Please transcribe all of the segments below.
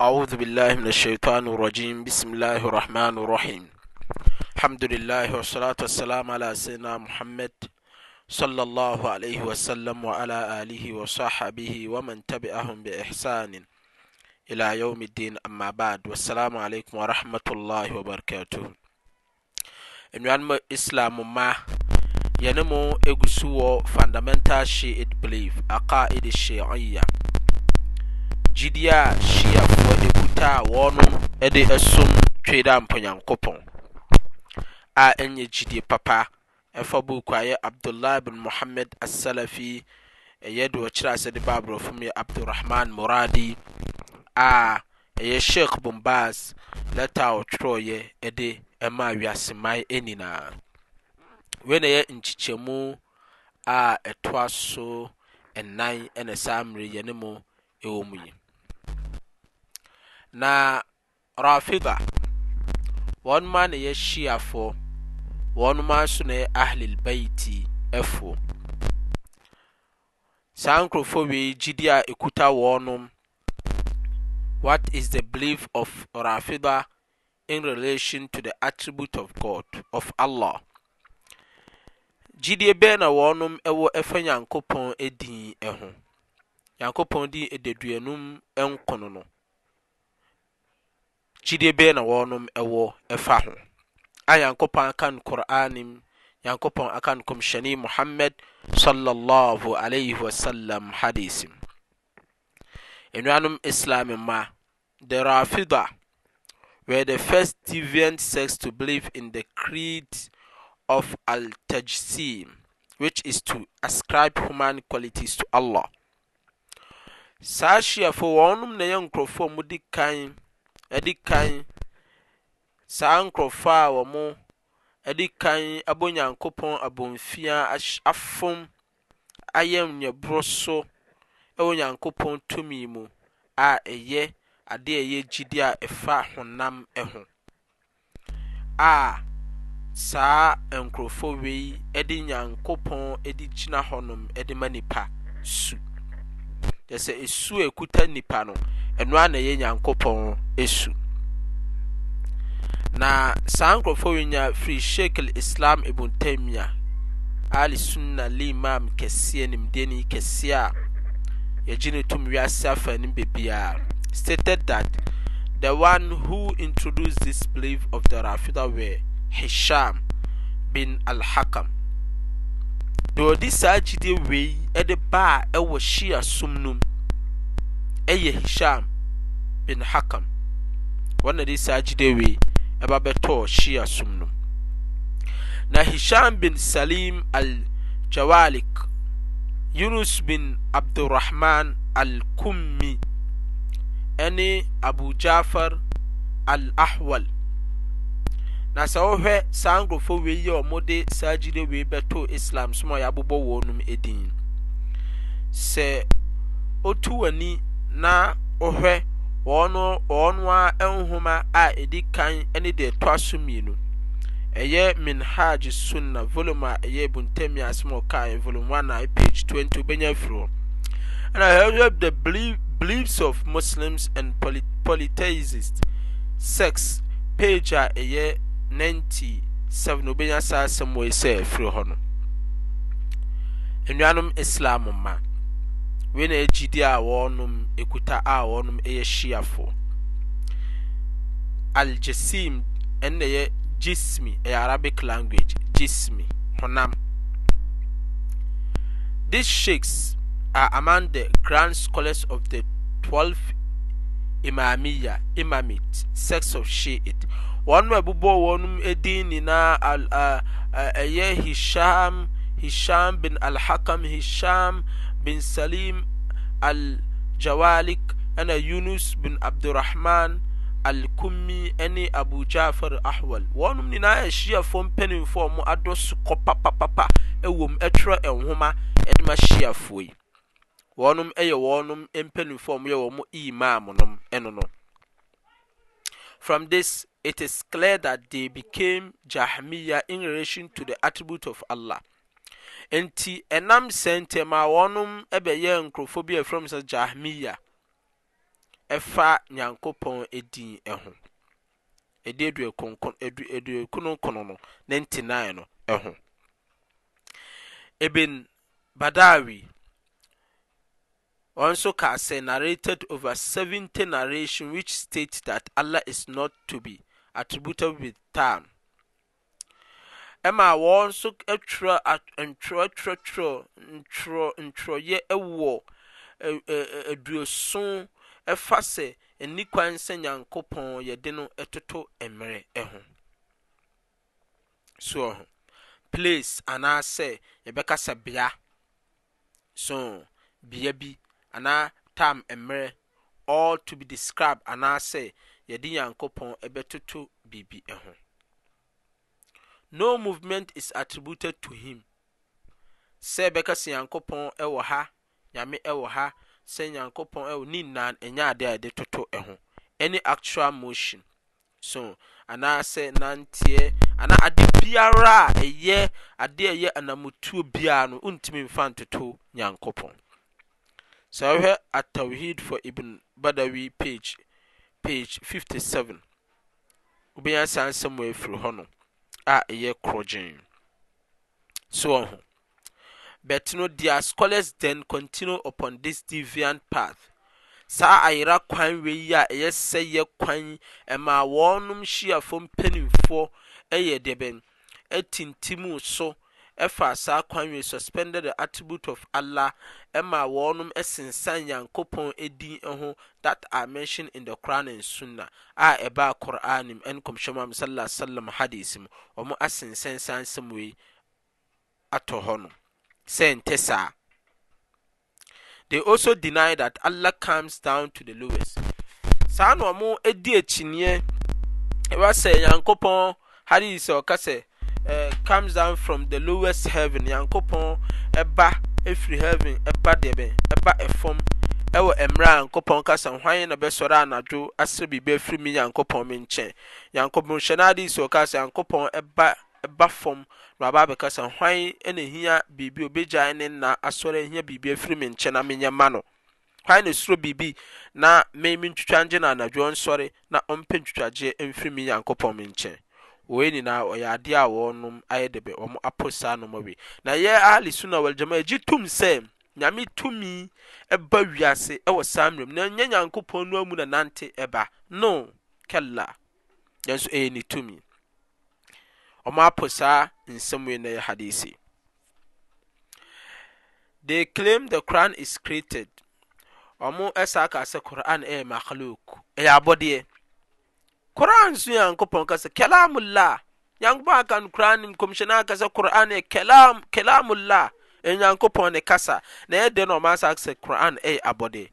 أعوذ بالله من الشيطان الرجيم بسم الله الرحمن الرحيم الحمد لله والصلاة والسلام على سيدنا محمد صلى الله عليه وسلم وعلى آله وصحبه ومن تبعهم بإحسان إلى يوم الدين أما بعد والسلام عليكم ورحمة الله وبركاته إنوان إسلام ما ينمو إغسوه fundamental Shiite أقائد الشيعية gyidie a hyiafoɔ ekuta a wɔn de som twe dɛ mponyankopɔn a ɛnyɛ gyidie papa ɛfa buku a ɛyɛ abdullah bin muhammad asalafi ɛyɛ deɛ ɔkyerɛ ase de ba aborɔfo mu yɛ abdulrahman muradi a ɛyɛ sheikh bombas lɛta a ɔtwerɛɔyɛ ɛde ɛma wiaseman nyinaa wei na ɛyɛ nkyekyɛmu a ɛtoa so ɛnan ɛna saa mmerɛ yɛ ne mu ɛwɔ mu yi na rafida wɔn ma na yɛ shiafoɔ wɔn ma nso na yɛ ahlil baiti ɛfoɔ saa nkurɔfoɔ wei gyidi a ekuta wɔn what is the belief of rafida in relation to the attribute of god of allah gyidie bɛɛ na wɔn ɛwɔ ɛfɛ nyankopɔn edin ɛho nyankopɔn din ededuanum ɛnkono no. gyidie bɛyɛ na wɔnom ɛwɔ ɛfa ho a yankopɔn aka no qur'anim yankopɔn aka no kɔmhyɛne muhammad sallallahu alaihi wasallam hadisim enuanom islam ma the rafida were the first deviant sects to believe in the creed of al-tajsim which is to ascribe human qualities to allah saa hyiafo wɔnom na yɛ nkurɔfoɔ mu di kan ɛdi kan saa nkurɔfoɔ a wɔn ɛdi kan abɔ nyankopɔn abomfia afom ayɛ nnwɛborɔ so ɛwɔ nyankopɔn tumi mu a ɛyɛ adeɛ a ɛyɛ gyidi a ɛfa honam ɛho a saa nkurɔfoɔ wei ɛde nyankopɔn ɛde gyina hɔnom ɛde ma nipa su. kyɛ sɛ esu ekuta nipa no ɛno na ɛyɛ nyankopɔn esu na saa nkurɔfoɔ yi nya firi sheikh islam ibn taymiyah ali sunna limam kɛseɛ nimdeɛni kɛseɛ a yɛgye ne wiase afa ne bebiara stated that the one who introduced this belief of the rafida were hisham bin al-hakam deɛ ɔde saa gyidie wei ɛde ba a ɛwɔ syiya som nom ɛyɛ hisham bin hakam ana de saa gidawei babɛtɔɔ syiya som nom na hisham bin salim aljawalik yunus bin abdurahman alkummi ne abu jafar alahwal na sɛ wo hwɛ saa nkorofo wei yi ɔ mode saa gidawei bɛtɔ islam soma yɛ abobɔ wɔ nomdinn sɛ otu w'ani na ɔhwɛ wɔn wɔnoa nhoma a edi kan ne deɛ ɛtoa so mmienu ɛyɛ minhaj sunna volume a ɛyɛ buntami asɛm ɔkaeɛ volume 1 a page 20 wobɛnya afiri hɔ ɛna ɛhwɛ the beliefs of muslims and polytheists sex page a ɛyɛ 97 wobɛnya saa asɛm wɔ sɛ ɛfiri hɔ no nnuanom islam ma anysyf aljasim jsmi a arabic language sm tis sheks ar amang the grand scholars of the te mamia imamit sex of sheet nm abub wɔnom dininayɛ hiahisam bin alhaam bin salim aljawalic na yunus bin abdurahman alkumi ne abu jafar ahwal wɔnom nyinaa ahyiafoɔ mpanimfo a mo adɔ sokɔ papapapa wom ɛtorɛ nhoma duma hyiafoɔ yi ɔnom yɛ wɔnom mpanimfoa m ywɔ m imamu no no no from this it is clare that the became jahamia in relation to the atribute of alah nti ɛnam sɛ a wɔnom bɛyɛ nkurɔfoɔ bi a ɛfrɛ sɛ jahmiya ɛfa nyankopɔn din ho ɛde aduokono no ne ntenan no ho ibn badawi also Kase narrated over 70 narration which state that Allah is not to be attributed with time ɛma wɔn nso atwerɛ ntwerɛ twerɛtwerɛ ntwerɛ ntwerɛyɛ ɛwɔ aduoson ɛfa sɛ ani kwan sɛ nyankopɔn yɛde no ɛtoto mmerɛ ɛho soɔ ho place anaasɛ yɛbɛkasa bea so bea bi anaa tam mmerɛ all to be described anaasɛ yɛde nyankopɔn ɛbɛtoto biribi ɛho no movement is attributed to him sɛ ɛbɛkɛ sɛ nyankopɔn wɔ ha nyamewɔ ha sɛ nyankopɔn wɔ ni naan ɛnyaade aɛde toto ho any actual motion so anaasɛ nanteɛ anaa ade biara a ɛy ade yɛ anamutuo biaa no wontumi mfa ntoto nyankopɔn sɛ whwɛ a towhed fo ibn bada we pagpage 57 obɛyasaa sɛmafiri hɔ no a ɛyɛ korɔgyen so wɔn ho but no their scholars then continue upon this deviant path saa ayera kwan wei yi a ɛyɛ sɛ yɛ kwan ɛmaa wɔnom hyiafo mpanimfoɔ ɛyɛ deɛ bɛn ɛtintim so ɛfa saa kwan wie suspended the atribute of allah ma wɔnom sensane nyankopɔn din ho that ar mentiond in the qoran and sunna a ɛba qur'annim ɛnkɔmhyɛm a salsalm hadec mu ɔmo asensɛn sa nsɛmei atɔ hɔ no sɛnt saa te also deny that allah comes down to the lois saa na ɔmo di akyinneɛ bɛ sɛ nyankopɔn hades ɔkasɛ uh, comes down from the lowest heaven nyankopɔn ɛba efiri heaven ɛba deɛ bɛn ɛba ɛfam ɛwɔ mmerɛ a nyankopɔn kasa hwan na bɛsɔre anadwo asere biribi afiri mi nyankopɔn mi nkyɛn nyankopɔn hyɛ n'ade si ɔkasa nyankopɔn ɛba ɛba fam na waba abɛkasa hwan na ehia biribi obegya ne nna asɔre ehia biribi afiri mi nkyɛn na mi nyɛ ma no hwan na soro biribi na mmɛn mi ntwitwa ngye na anadwo nsɔre na ɔmpɛ ntwitwagyeɛ mfiri mi nyankopɔn mi nkyɛn inyinaa ɔyɛ ade awɔnom ayɛde b m aposaa noma wei na ɛyɛ ale so na wɔgyamaa ɛgye tom sɛ nyame tumi ba wiase ɛwɔ san eram nanyɛ nyankopɔn no amu nanante ba no kela so ɛɛne tmi ɔm aposaa nsɛmyeinyɛ hadese e claim the crown is created msa casɛ koran yɛ malok yɛbɛ ayankpɔasacalama nyankɔasranalamla nyankpɔnekasa ɛyankɔasaamus inthtmgyid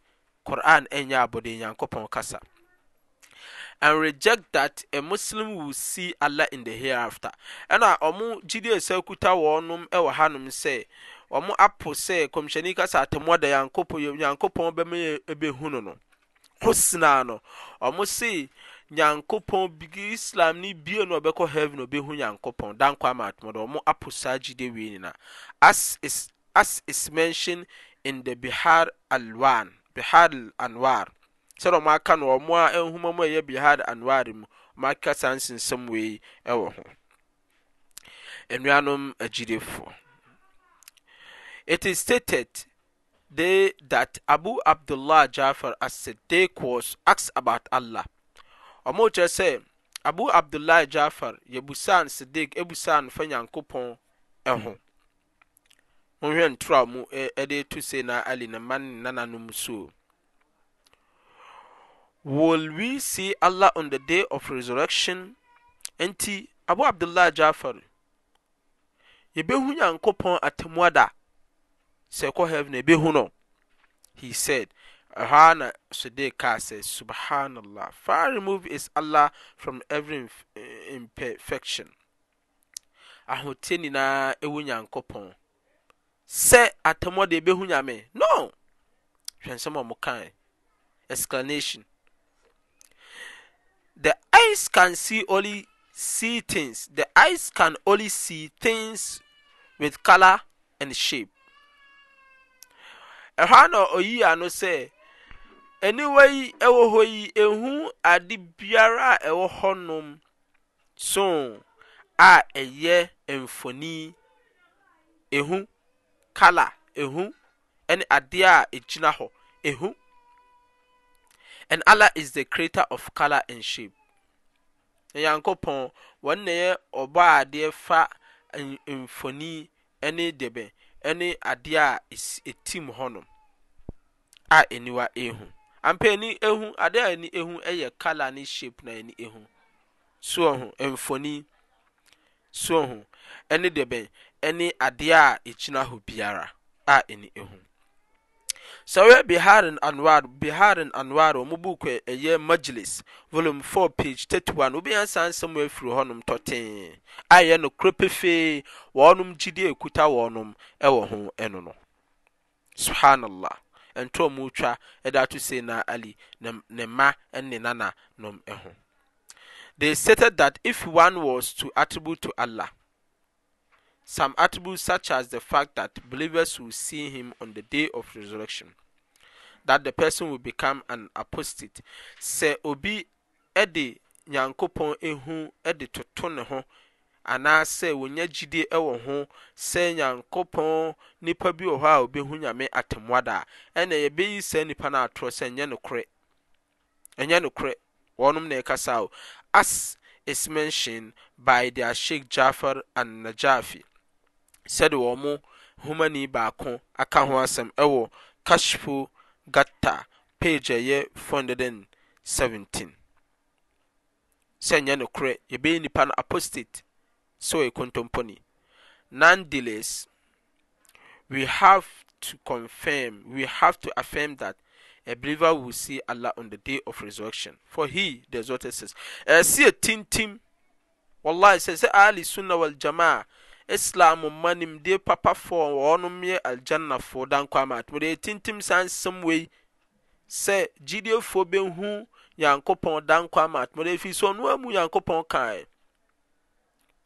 sakta wn hnmsɛm ap sɛ ksneasatmdnyankpɔ nyankopɔn bi islam ne bie no ɔbɛkɔ heave no ɔbɛhu nyankopɔn dankɔ amatom d ɔmo aposaa gyidewii nyina asis mention in the bhbihar lanwar sɛde ɔm aka no ɔmoa huma mu ɛyɛ bihar anwar mu ɔmaka sa nsinsɛm wei wɔ honfɔiisthat abo abdullah jafar asdkɔs as abut allah ɔmo o kyerɛ sɛ abo abdullah jaafar yɛbusan sydik busan fa nyankopɔn ho mo hwɛ ntoraw mu de to seena ali ne ma nnnana nomu so wol we see allah on the day of resurrection nti abo abdullahi jaafar yɛbɛhu nyankopɔn atamuada sɛ ɛkɔ heaven bɛhu nɔ he said ɛhɔa na sodekasɛ subhanllah far remove is allah from every eh, imperfection ahotie nyinaa ɛwu nyankopɔn sɛ atamɔ de bɛhu nyame no hwɛsmka exclanationseicecanos is with colorashpe aniwa yi ɛwɔ hɔ yi ehu ade biara a ɛwɔ nom so a ɛyɛ mfoni ehu kala ehu ɛne ade a egyina hɔ ehu and allah is the creator of color and shape pɔn wɔn na yɛ ɔbɔ adeɛ fa mfoni ɛne debe ɛne ade a esi hɔ nom a aniwa ehu. ampa ani ehu ade a ani ehu yɛ color ne shape na ani ehu soɔ ho mfoni soɔ ho ne deɛ bɛn ne adeɛ a ɛgyina hɔ biara a ani ehu sɛ biharin anwar biharin anwar wɔn buku ɛyɛ majlis volume four page thirty one obi yɛn san nsɛm afiri hɔnom tɔtɛn a yɛ no kuro pefee wɔnom gyidie ekuta wɔnom ɛwɔ ho ɛno no subhanallah. ntrmu twa dato se na ali ne mma nne nananom ho they stated that if one was to attribute to allah some attributes such as the fact that believers woll see him on the day of resurrection that the person wold become an apostate sɛ obi de nyankopɔn hu de totone ho anaasɛ wɔnya gyidie wɔ ho sɛ nyankopɔn nipa bi wɔ hɔ a obehu nyame atemmuada da ɛnna yɛbɛyi saa nipa no atorɔ sɛ nyɛ nokorɛ ɛnyɛ nokorɛ wɔnom na ɛkasa o as is mentioned by their sheikh jafar and najafi sɛde wɔn mo homani baako aka ho asɛm ɛwɔ kashfu gata page ɛyɛ 417 sɛ nyɛ nokorɛ yɛbɛyi nipa no apostate So ɔyɛ kontomponi nonetheless we have to confirm we have to affirm that a believer will see Allah on the day of resurrection for he the exalted says eh, See a ɛsi etintim wallahi sɛ sɛ ali sunna wal jamaa islam manim de papa for wɔnom yɛ aljanna fo danko ama atum de etintim saa nsɛm wei sɛ gyidiefo behu yankopɔn danko ama atum de fi so ɔno amu yankopɔn kai.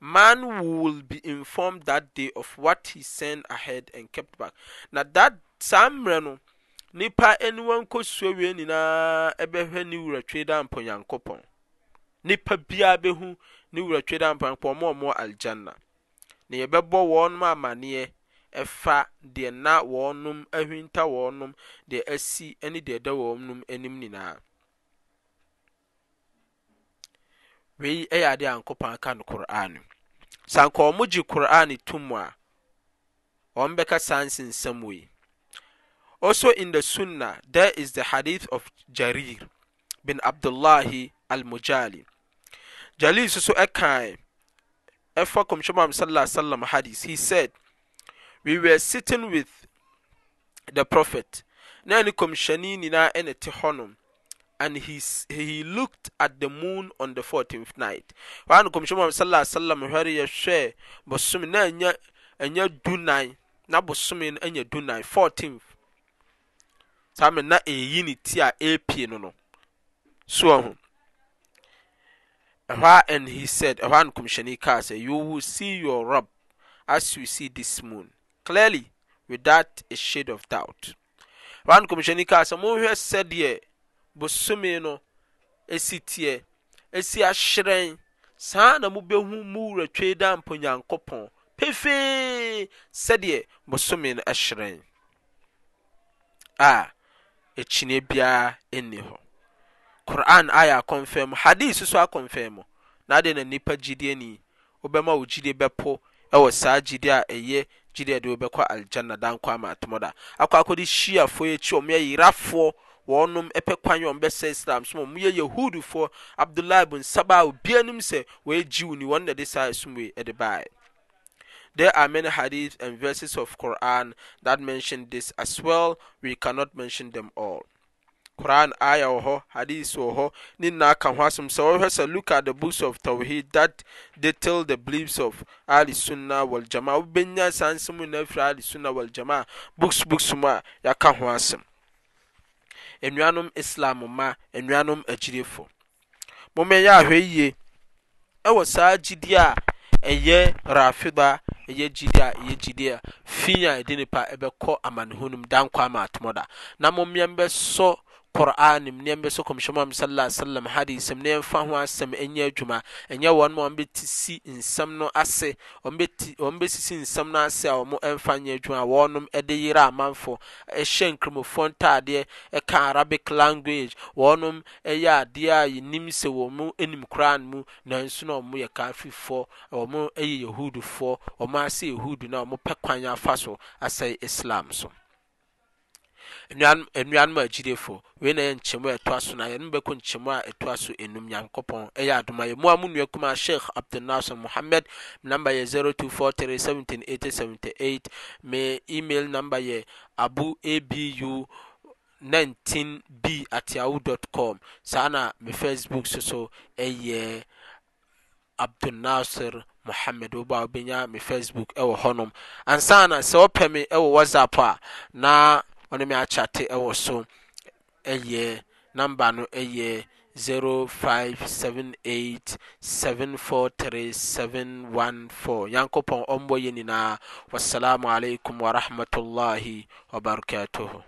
man will be informed that day of what he sent ahead and kept back na that saa mmerɛ no nipa aniwa nkosua wie nyinaa ɛbɛhwɛ ne wura twe da mpɔnyankopɔn nipa biara bɛhu ne wura twe da mpɔnyankopɔn ɔmo ɔmo aljanna na yɛbɛbɔ wɔnom amaneɛ ɛfa deɛ na wɔnom ahwinta wɔnom deɛ asi ɛne deɛ ɛda wɔnom anim nyinaa ei ɛyade yankopɔn kan qur'an saankawɔ mo gye qur'an tu mu a ɔnbɛka sansinsamwi also in the sunna there is the hadith of jarir bin abdullahi almujali jalil soso ɛkae ɛfa komswmam saaasalam hadic he said we were sitten with the prophet na ane komsyani nyinaa ɛne te hɔnom and he, he looked at the moon on the 14th night wɔn ano kɔmhyɛn mu sallallahu alaihi wa sallam hwɛre yɛhwɛ bosom na ɛnyɛ ɛnyɛ dunan na bosom no ɛnyɛ dunan 14th saa na ɛyi ne ti a ɛpie no no so ɔho ɛhɔ and he said ɛhɔ ano kɔmhyɛn kaa sɛ you will see your rub as you see this moon clearly without a shade of doubt wɔn ano kɔmhyɛn kaa sɛ mo hwɛ sɛdeɛ. bosome no esi teɛ esi ahyerɛn saa na mobɛhu mu wura twe da mponyankopɔn pefee sɛdeɛ bosome no ɛhyerɛn a ekyine biara nni hɔ quran ayɛ akɔnfɛn mu hadith so akɔnfɛn mu na adeɛ na nipa gyidie ni wobɛma wo gyidie bɛpo ɛwɔ saa gyidie a ɛyɛ gyidie a de wobɛkɔ aljanna dankɔ ama atomɔ da akɔ akɔde hyiafoɔ akyi wɔn yɛ yerafoɔ wɔnom pɛkwan wɔnbɛsɛ islamsommuyɛyɛ hudofoɔ abdulahbunsabaa obianom sɛ wagyi woni wɔnnade saesomei de ba there ar many hadith and verses of quran that mentione this aswell we cannot mention them all qoran aya wɔ hɔ hadit wɔ hɔ ne na aka ho asm sɛ wohwɛ sɛ look at the books of tawhed that de tel the blevs of alisunnah waljama wobɛnya sansɛmu nafiri alisunnah wljamaa boksboks mu a yaka ho asɛm enuanum islam ma nnuanom agyirefo mommɛyɛ ahwɛ yie ɛwɔ saa gyidi a ɛyɛ rafida ɛyɛ gyidi a ɛyɛ gyidi a fi a ɛde nipa ɛbɛkɔ amanehonum dankwa ama atomɔda na mommɛ so qur'an mu nneɛma so kɔmhyɛm am sallallahu alaihi wasallam hadis mu nneɛma ho asɛm ɛnyɛ adwuma ɛnyɛ wɔn mu a wɔn bɛsi nsɛm no ase wɔn bɛti wɔn bɛsisi nsɛm no ase a wɔn ɛmfa nyɛ adwuma a wɔn ɛde yere amanfo ɛhyɛ nkramofoɔ ntaadeɛ ɛka arabic language wɔn ɛyɛ adeɛ a yɛnim sɛ wɔn anim koraa mu nanso na wɔn yɛ kaafifoɔ wɔn ɛyɛ yahudufoɔ wɔn ase yahudu na wɔn pɛ kwan afa so asɛe islam so nnuanom agyidefo wei na yɛ nkyɛmu a ɛtoa so na yɛn bɛkɔ nkyɛmu a ɛtoa so enum nyankopɔn ɛyɛ adoma yɛ mu a mu nua kuma sheikh abdulnasir muhammed namba yɛ zero two four three seventeen eighty seventy eight me email namba yɛ abu abu nineteen b at yahoo dot com saa na me facebook so so ɛyɛ abdulnasir muhammed wo ba wobɛnya me facebook ɛwɔ hɔnom ansa na sɛ wɔpɛ me ɛwɔ whatsapp a na na me acyate ɛwɔ so ayɛ namba no ayɛ 057 743714 nyankɔ pɔ ɔm wɔ yɛ ninaa wassalamu alaikum warahmat lahi wabarakatuho